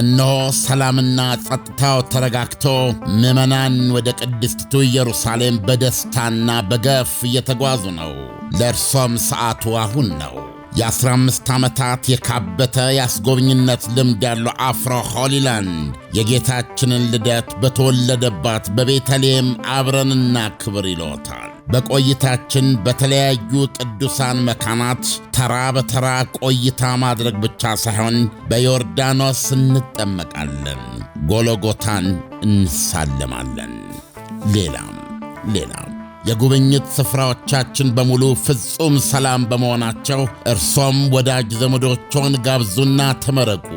እነሆ ሰላምና ጸጥታው ተረጋግቶ ምዕመናን ወደ ቅድስቲቱ ኢየሩሳሌም በደስታና በገፍ እየተጓዙ ነው። ለእርሶም ሰዓቱ አሁን ነው። የ15 ዓመታት የካበተ የአስጎብኝነት ልምድ ያለው አፍሮ ሆሊላንድ የጌታችንን ልደት በተወለደባት በቤተልሔም አብረንና ክብር ይሎታል። በቆይታችን በተለያዩ ቅዱሳን መካናት ተራ በተራ ቆይታ ማድረግ ብቻ ሳይሆን በዮርዳኖስ እንጠመቃለን፣ ጎሎጎታን እንሳለማለን። ሌላም ሌላም የጉብኝት ስፍራዎቻችን በሙሉ ፍጹም ሰላም በመሆናቸው እርሶም ወዳጅ ዘመዶችዎን ጋብዙና ተመረቁ።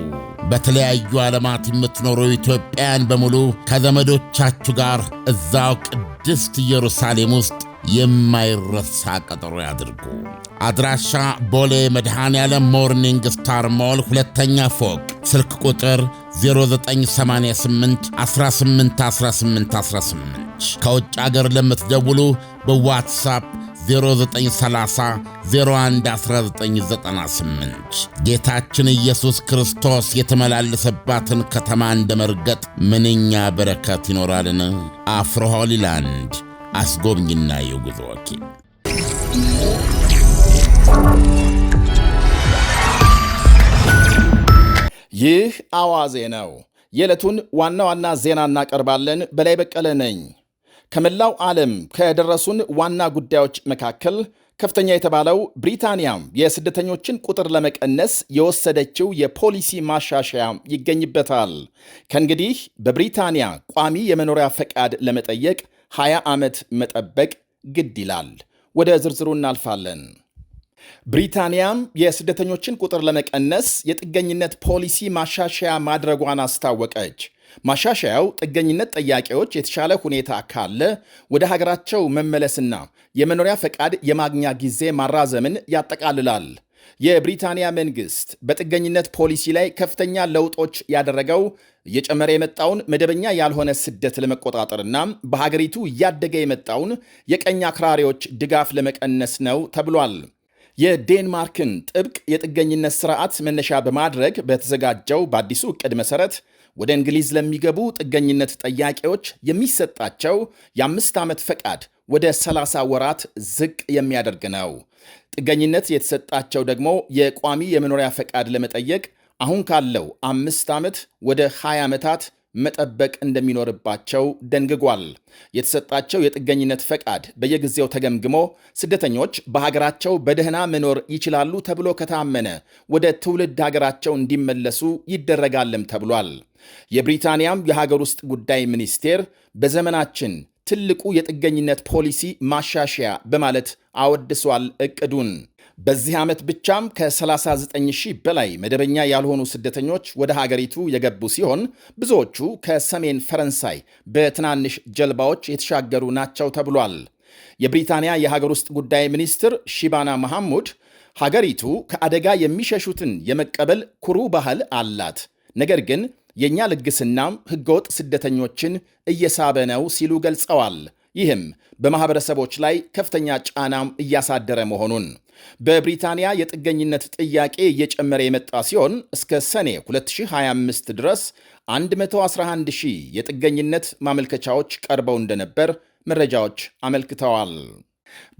በተለያዩ ዓለማት የምትኖሩ ኢትዮጵያውያን በሙሉ ከዘመዶቻችሁ ጋር እዛው ቅድስት ኢየሩሳሌም ውስጥ የማይረሳ ቀጠሮ ያድርጉ። አድራሻ ቦሌ መድኃኔዓለም ሞርኒንግ ስታር ሞል ሁለተኛ ፎቅ፣ ስልክ ቁጥር 0988 ከውጭ አገር ለምትደውሉ በዋትሳፕ 0930 011998 ጌታችን ኢየሱስ ክርስቶስ የተመላለሰባትን ከተማ እንደ መርገጥ ምንኛ በረከት ይኖራልን! አፍሮ ሆሊላንድ አስጎብኝና የጉዞ ወኪል ይህ አዋዜ ነው። የዕለቱን ዋና ዋና ዜና እናቀርባለን። በላይ በቀለ ነኝ። ከመላው ዓለም ከደረሱን ዋና ጉዳዮች መካከል ከፍተኛ የተባለው ብሪታንያም የስደተኞችን ቁጥር ለመቀነስ የወሰደችው የፖሊሲ ማሻሻያ ይገኝበታል። ከእንግዲህ በብሪታንያ ቋሚ የመኖሪያ ፈቃድ ለመጠየቅ 20 ዓመት መጠበቅ ግድ ይላል። ወደ ዝርዝሩ እናልፋለን። ብሪታንያም የስደተኞችን ቁጥር ለመቀነስ የጥገኝነት ፖሊሲ ማሻሻያ ማድረጓን አስታወቀች። ማሻሻያው ጥገኝነት ጠያቂዎች የተሻለ ሁኔታ ካለ ወደ ሀገራቸው መመለስና የመኖሪያ ፈቃድ የማግኛ ጊዜ ማራዘምን ያጠቃልላል። የብሪታንያ መንግስት በጥገኝነት ፖሊሲ ላይ ከፍተኛ ለውጦች ያደረገው እየጨመረ የመጣውን መደበኛ ያልሆነ ስደት ለመቆጣጠርና በሀገሪቱ እያደገ የመጣውን የቀኝ አክራሪዎች ድጋፍ ለመቀነስ ነው ተብሏል። የዴንማርክን ጥብቅ የጥገኝነት ስርዓት መነሻ በማድረግ በተዘጋጀው በአዲሱ እቅድ መሰረት ወደ እንግሊዝ ለሚገቡ ጥገኝነት ጠያቂዎች የሚሰጣቸው የአምስት ዓመት ፈቃድ ወደ 30 ወራት ዝቅ የሚያደርግ ነው። ጥገኝነት የተሰጣቸው ደግሞ የቋሚ የመኖሪያ ፈቃድ ለመጠየቅ አሁን ካለው አምስት ዓመት ወደ 20 ዓመታት መጠበቅ እንደሚኖርባቸው ደንግጓል። የተሰጣቸው የጥገኝነት ፈቃድ በየጊዜው ተገምግሞ ስደተኞች በሀገራቸው በደህና መኖር ይችላሉ ተብሎ ከታመነ ወደ ትውልድ ሀገራቸው እንዲመለሱ ይደረጋልም ተብሏል። የብሪታንያም የሀገር ውስጥ ጉዳይ ሚኒስቴር በዘመናችን ትልቁ የጥገኝነት ፖሊሲ ማሻሻያ በማለት አወድሷል እቅዱን። በዚህ ዓመት ብቻም ከ39 ሺህ በላይ መደበኛ ያልሆኑ ስደተኞች ወደ ሀገሪቱ የገቡ ሲሆን ብዙዎቹ ከሰሜን ፈረንሳይ በትናንሽ ጀልባዎች የተሻገሩ ናቸው ተብሏል። የብሪታንያ የሀገር ውስጥ ጉዳይ ሚኒስትር ሺባና መሐሙድ ሀገሪቱ ከአደጋ የሚሸሹትን የመቀበል ኩሩ ባህል አላት፣ ነገር ግን የእኛ ልግስናም ህገወጥ ስደተኞችን እየሳበ ነው ሲሉ ገልጸዋል። ይህም በማኅበረሰቦች ላይ ከፍተኛ ጫናም እያሳደረ መሆኑን በብሪታንያ የጥገኝነት ጥያቄ እየጨመረ የመጣ ሲሆን እስከ ሰኔ 2025 ድረስ 111,000 ሺህ የጥገኝነት ማመልከቻዎች ቀርበው እንደነበር መረጃዎች አመልክተዋል።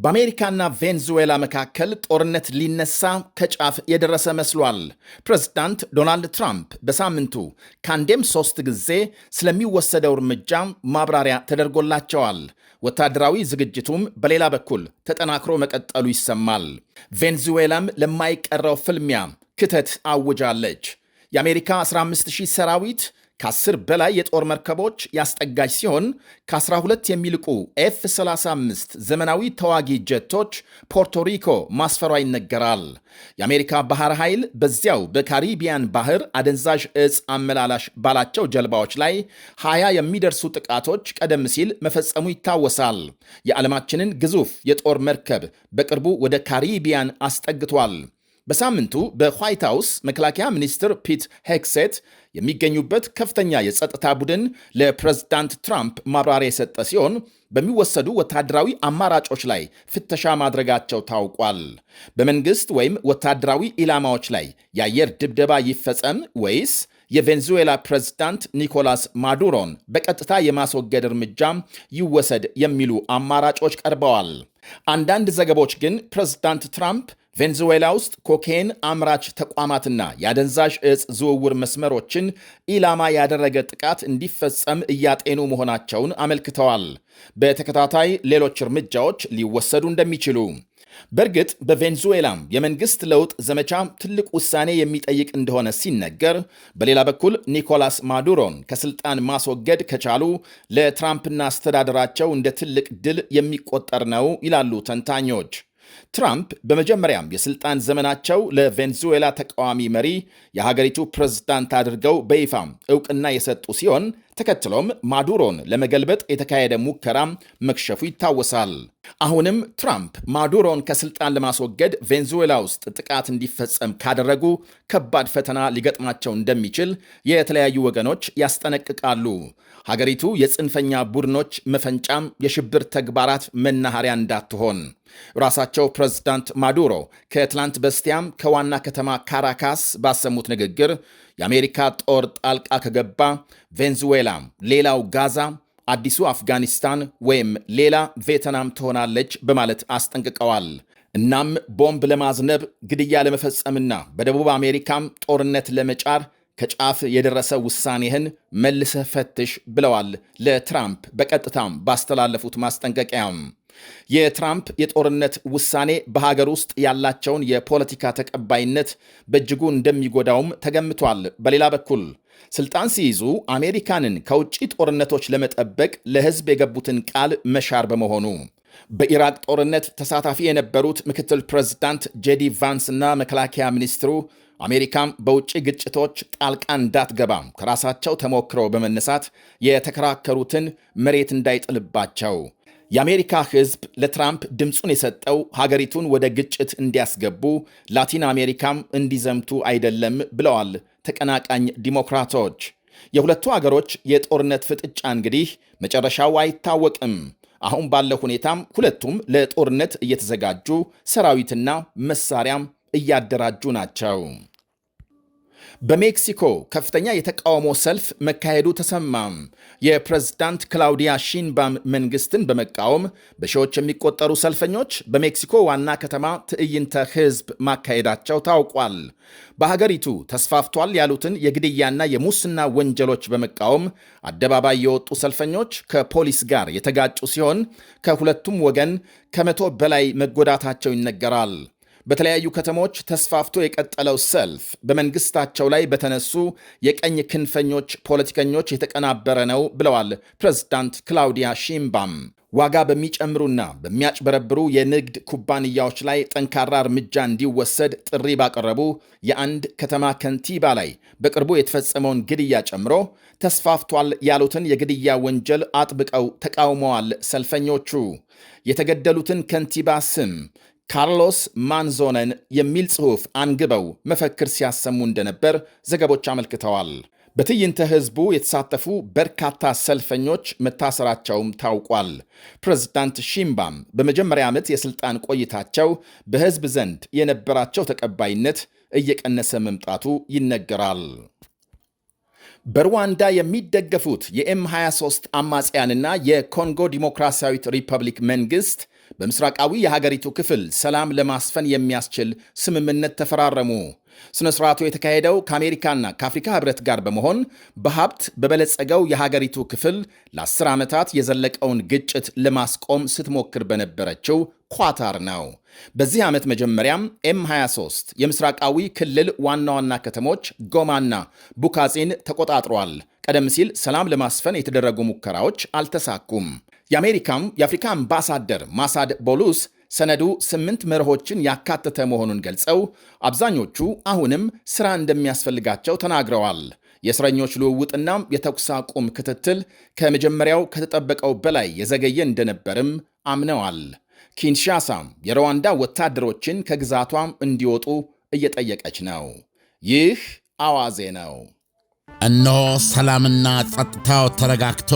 በአሜሪካና ቬንዙዌላ መካከል ጦርነት ሊነሳ ከጫፍ የደረሰ መስሏል። ፕሬዝዳንት ዶናልድ ትራምፕ በሳምንቱ ከአንዴም ሶስት ጊዜ ስለሚወሰደው እርምጃ ማብራሪያ ተደርጎላቸዋል። ወታደራዊ ዝግጅቱም በሌላ በኩል ተጠናክሮ መቀጠሉ ይሰማል። ቬንዙዌላም ለማይቀረው ፍልሚያ ክተት አውጃለች። የአሜሪካ 15000 ሰራዊት ከአስር በላይ የጦር መርከቦች ያስጠጋጅ ሲሆን ከ12 የሚልቁ ኤፍ 35 ዘመናዊ ተዋጊ ጀቶች ፖርቶሪኮ ማስፈሯ ይነገራል። የአሜሪካ ባህር ኃይል በዚያው በካሪቢያን ባህር አደንዛዥ እጽ አመላላሽ ባላቸው ጀልባዎች ላይ 20 የሚደርሱ ጥቃቶች ቀደም ሲል መፈጸሙ ይታወሳል። የዓለማችንን ግዙፍ የጦር መርከብ በቅርቡ ወደ ካሪቢያን አስጠግቷል። በሳምንቱ በዋይት ሀውስ መከላከያ ሚኒስትር ፒት ሄክሴት የሚገኙበት ከፍተኛ የጸጥታ ቡድን ለፕሬዝዳንት ትራምፕ ማብራሪያ የሰጠ ሲሆን በሚወሰዱ ወታደራዊ አማራጮች ላይ ፍተሻ ማድረጋቸው ታውቋል። በመንግስት ወይም ወታደራዊ ኢላማዎች ላይ የአየር ድብደባ ይፈጸም ወይስ የቬንዙዌላ ፕሬዝዳንት ኒኮላስ ማዱሮን በቀጥታ የማስወገድ እርምጃ ይወሰድ የሚሉ አማራጮች ቀርበዋል። አንዳንድ ዘገቦች ግን ፕሬዝዳንት ትራምፕ ቬንዙዌላ ውስጥ ኮኬን አምራች ተቋማትና የአደንዛዥ እጽ ዝውውር መስመሮችን ኢላማ ያደረገ ጥቃት እንዲፈጸም እያጤኑ መሆናቸውን አመልክተዋል። በተከታታይ ሌሎች እርምጃዎች ሊወሰዱ እንደሚችሉ በእርግጥ በቬንዙዌላም የመንግስት ለውጥ ዘመቻ ትልቅ ውሳኔ የሚጠይቅ እንደሆነ ሲነገር፣ በሌላ በኩል ኒኮላስ ማዱሮን ከስልጣን ማስወገድ ከቻሉ ለትራምፕና አስተዳደራቸው እንደ ትልቅ ድል የሚቆጠር ነው ይላሉ ተንታኞች። ትራምፕ በመጀመሪያም የስልጣን ዘመናቸው ለቬንዙዌላ ተቃዋሚ መሪ የሀገሪቱ ፕሬዝዳንት አድርገው በይፋም እውቅና የሰጡ ሲሆን ተከትሎም ማዱሮን ለመገልበጥ የተካሄደ ሙከራ መክሸፉ ይታወሳል። አሁንም ትራምፕ ማዱሮን ከስልጣን ለማስወገድ ቬንዙዌላ ውስጥ ጥቃት እንዲፈጸም ካደረጉ ከባድ ፈተና ሊገጥማቸው እንደሚችል የተለያዩ ወገኖች ያስጠነቅቃሉ። ሀገሪቱ የጽንፈኛ ቡድኖች መፈንጫም የሽብር ተግባራት መናኸሪያ እንዳትሆን ራሳቸው ፕሬዝዳንት ማዱሮ ከትላንት በስቲያም ከዋና ከተማ ካራካስ ባሰሙት ንግግር የአሜሪካ ጦር ጣልቃ ከገባ ቬንዙዌላ፣ ሌላው ጋዛ፣ አዲሱ አፍጋኒስታን ወይም ሌላ ቬትናም ትሆናለች በማለት አስጠንቅቀዋል። እናም ቦምብ ለማዝነብ ግድያ ለመፈጸምና በደቡብ አሜሪካም ጦርነት ለመጫር ከጫፍ የደረሰ ውሳኔህን መልሰህ ፈትሽ ብለዋል ለትራምፕ በቀጥታም ባስተላለፉት ማስጠንቀቂያም የትራምፕ የጦርነት ውሳኔ በሀገር ውስጥ ያላቸውን የፖለቲካ ተቀባይነት በእጅጉ እንደሚጎዳውም ተገምቷል። በሌላ በኩል ስልጣን ሲይዙ አሜሪካንን ከውጭ ጦርነቶች ለመጠበቅ ለሕዝብ የገቡትን ቃል መሻር በመሆኑ በኢራቅ ጦርነት ተሳታፊ የነበሩት ምክትል ፕሬዝዳንት ጄዲ ቫንስ እና መከላከያ ሚኒስትሩ አሜሪካም በውጭ ግጭቶች ጣልቃ እንዳትገባም ከራሳቸው ተሞክረው በመነሳት የተከራከሩትን መሬት እንዳይጥልባቸው የአሜሪካ ሕዝብ ለትራምፕ ድምፁን የሰጠው ሀገሪቱን ወደ ግጭት እንዲያስገቡ ላቲን አሜሪካም እንዲዘምቱ አይደለም ብለዋል ተቀናቃኝ ዲሞክራቶች። የሁለቱ አገሮች የጦርነት ፍጥጫ እንግዲህ መጨረሻው አይታወቅም። አሁን ባለው ሁኔታም ሁለቱም ለጦርነት እየተዘጋጁ ሰራዊትና መሳሪያም እያደራጁ ናቸው። በሜክሲኮ ከፍተኛ የተቃውሞ ሰልፍ መካሄዱ ተሰማ የፕሬዝዳንት ክላውዲያ ሺንባም መንግስትን በመቃወም በሺዎች የሚቆጠሩ ሰልፈኞች በሜክሲኮ ዋና ከተማ ትዕይንተ ህዝብ ማካሄዳቸው ታውቋል። በሀገሪቱ ተስፋፍቷል ያሉትን የግድያና የሙስና ወንጀሎች በመቃወም አደባባይ የወጡ ሰልፈኞች ከፖሊስ ጋር የተጋጩ ሲሆን ከሁለቱም ወገን ከመቶ በላይ መጎዳታቸው ይነገራል። በተለያዩ ከተሞች ተስፋፍቶ የቀጠለው ሰልፍ በመንግስታቸው ላይ በተነሱ የቀኝ ክንፈኞች ፖለቲከኞች የተቀናበረ ነው ብለዋል ፕሬዝዳንት ክላውዲያ ሺምባም። ዋጋ በሚጨምሩና በሚያጭበረብሩ የንግድ ኩባንያዎች ላይ ጠንካራ እርምጃ እንዲወሰድ ጥሪ ባቀረቡ የአንድ ከተማ ከንቲባ ላይ በቅርቡ የተፈጸመውን ግድያ ጨምሮ ተስፋፍቷል ያሉትን የግድያ ወንጀል አጥብቀው ተቃውመዋል ሰልፈኞቹ። የተገደሉትን ከንቲባ ስም ካርሎስ ማንዞነን የሚል ጽሑፍ አንግበው መፈክር ሲያሰሙ እንደነበር ዘገቦች አመልክተዋል። በትዕይንተ ሕዝቡ የተሳተፉ በርካታ ሰልፈኞች መታሰራቸውም ታውቋል። ፕሬዝዳንት ሺምባም በመጀመሪያ ዓመት የሥልጣን ቆይታቸው በሕዝብ ዘንድ የነበራቸው ተቀባይነት እየቀነሰ መምጣቱ ይነገራል። በሩዋንዳ የሚደገፉት የኤም 23 አማጽያንና የኮንጎ ዲሞክራሲያዊት ሪፐብሊክ መንግሥት በምስራቃዊ የሀገሪቱ ክፍል ሰላም ለማስፈን የሚያስችል ስምምነት ተፈራረሙ። ስነ ስርዓቱ የተካሄደው ከአሜሪካና ከአፍሪካ ህብረት ጋር በመሆን በሀብት በበለጸገው የሀገሪቱ ክፍል ለአስር ዓመታት የዘለቀውን ግጭት ለማስቆም ስትሞክር በነበረችው ኳታር ነው። በዚህ ዓመት መጀመሪያም ኤም 23 የምስራቃዊ ክልል ዋና ዋና ከተሞች ጎማና ቡካጺን ተቆጣጥሯል። ቀደም ሲል ሰላም ለማስፈን የተደረጉ ሙከራዎች አልተሳኩም። የአሜሪካም የአፍሪካ አምባሳደር ማሳድ ቦሉስ ሰነዱ ስምንት መርሆችን ያካተተ መሆኑን ገልጸው አብዛኞቹ አሁንም ሥራ እንደሚያስፈልጋቸው ተናግረዋል። የእስረኞች ልውውጥና የተኩስ አቁም ክትትል ከመጀመሪያው ከተጠበቀው በላይ የዘገየ እንደነበርም አምነዋል። ኪንሻሳ የሩዋንዳ ወታደሮችን ከግዛቷም እንዲወጡ እየጠየቀች ነው። ይህ አዋዜ ነው። እነሆ ሰላምና ጸጥታው ተረጋግቶ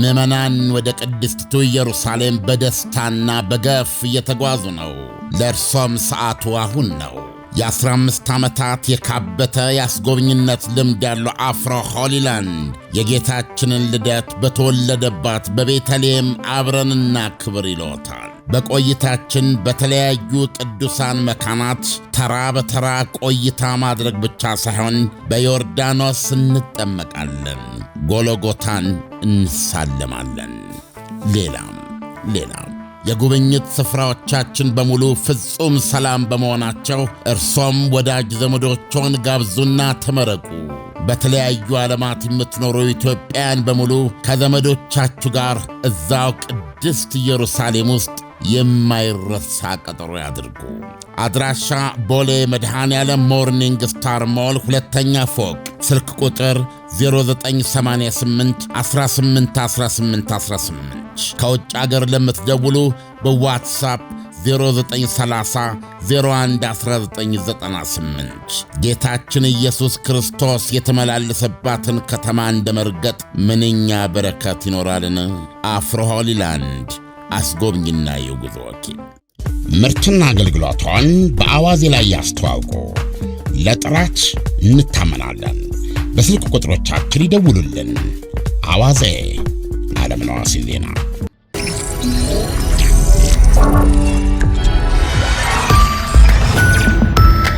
ምዕመናን ወደ ቅድስቲቱ ኢየሩሳሌም በደስታና በገፍ እየተጓዙ ነው። ለእርሶም ሰዓቱ አሁን ነው። አምስት ዓመታት የካበተ የአስጎብኝነት ልምድ ያለው አፍሮ ሆሊላንድ የጌታችንን ልደት በተወለደባት በቤተልሔም አብረንና ክብር ይሎታል። በቆይታችን በተለያዩ ቅዱሳን መካናት ተራ በተራ ቆይታ ማድረግ ብቻ ሳይሆን በዮርዳኖስ እንጠመቃለን፣ ጎሎጎታን እንሳለማለን። ሌላም ሌላም የጉብኝት ስፍራዎቻችን በሙሉ ፍጹም ሰላም በመሆናቸው እርሶም ወዳጅ ዘመዶችዎን ጋብዙና ተመረቁ። በተለያዩ ዓለማት የምትኖሩ ኢትዮጵያን በሙሉ ከዘመዶቻችሁ ጋር እዛው ቅድስት ኢየሩሳሌም ውስጥ የማይረሳ ቀጠሮ ያድርጉ። አድራሻ ቦሌ ያለ ሞርኒንግ ስታር ሞል ሁለተኛ ፎቅ፣ ስልክ ቁጥር 0988 ከውጭ አገር ለምትደውሉ በዋትሳፕ 0930011998 ጌታችን ኢየሱስ ክርስቶስ የተመላለሰባትን ከተማ እንደ መርገጥ ምንኛ በረከት ይኖራልን! አፍሮ ሆሊላንድ አስጎብኝና የጉዞ ወኪል። ምርትና አገልግሎቷን በአዋዜ ላይ ያስተዋውቁ። ለጥራች እንታመናለን። በስልክ ቁጥሮቻችን ይደውሉልን። አዋዜ አለምነህ ዋሴ ዜና